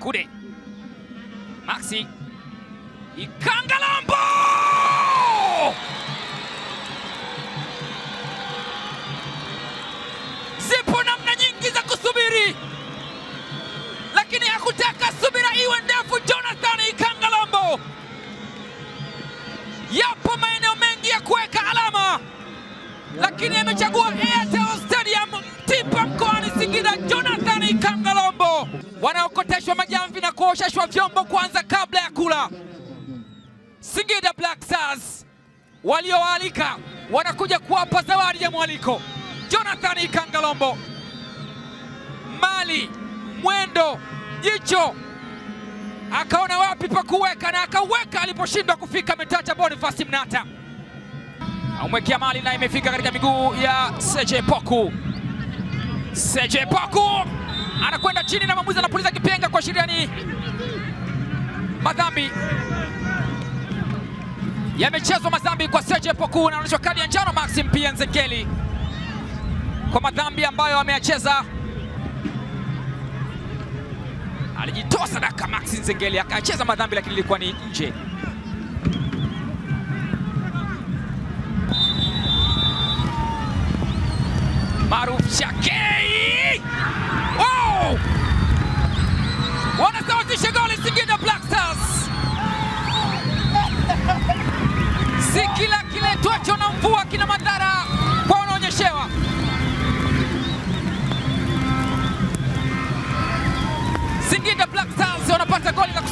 Kude Maxi Ikangalambo zipo namna nyingi za kusubiri, lakini hakutaka subira iwe ndefu. Jonathan Ikangalambo, yapo maeneo mengi ya kuweka alama, lakini amechagua kuoteshwa majamvi na kuoshashwa vyombo kwanza kabla ya kula. Singida Black Stars waliowaalika wanakuja kuwapa zawadi ya mwaliko. Jonathan Ikangalombo, mali mwendo, jicho akaona wapi pa kuweka na akaweka, aliposhindwa kufika metacha Bonifasi Mnata aumwekea mali na imefika katika miguu ya Seje Poku. Seje Poku anakwenda chini na mwamuzi anapuliza kuashiria ni madhambi yamechezwa, madhambi kwa Serge Poku, na anaonyeshwa kadi ya njano Maxim pia Nzengeli kwa madhambi ambayo ameyacheza. Alijitoa sadaka Maxim Nzengeli akacheza madhambi, lakini ilikuwa ni nje. Maruf Shake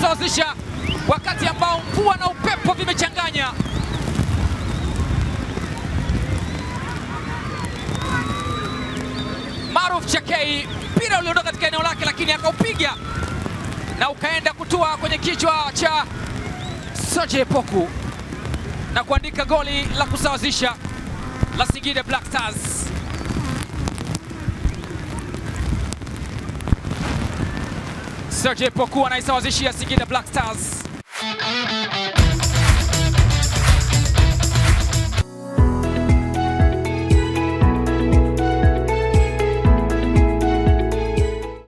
kusawazisha wakati ambao mvua na upepo vimechanganya. Maruf Chakei mpira uliondoka katika eneo lake, lakini akaupiga na ukaenda kutua kwenye kichwa cha Soje Poku na kuandika goli la kusawazisha la Singida Black Stars. Sergei Poku anaisawazishia Singida Black Stars.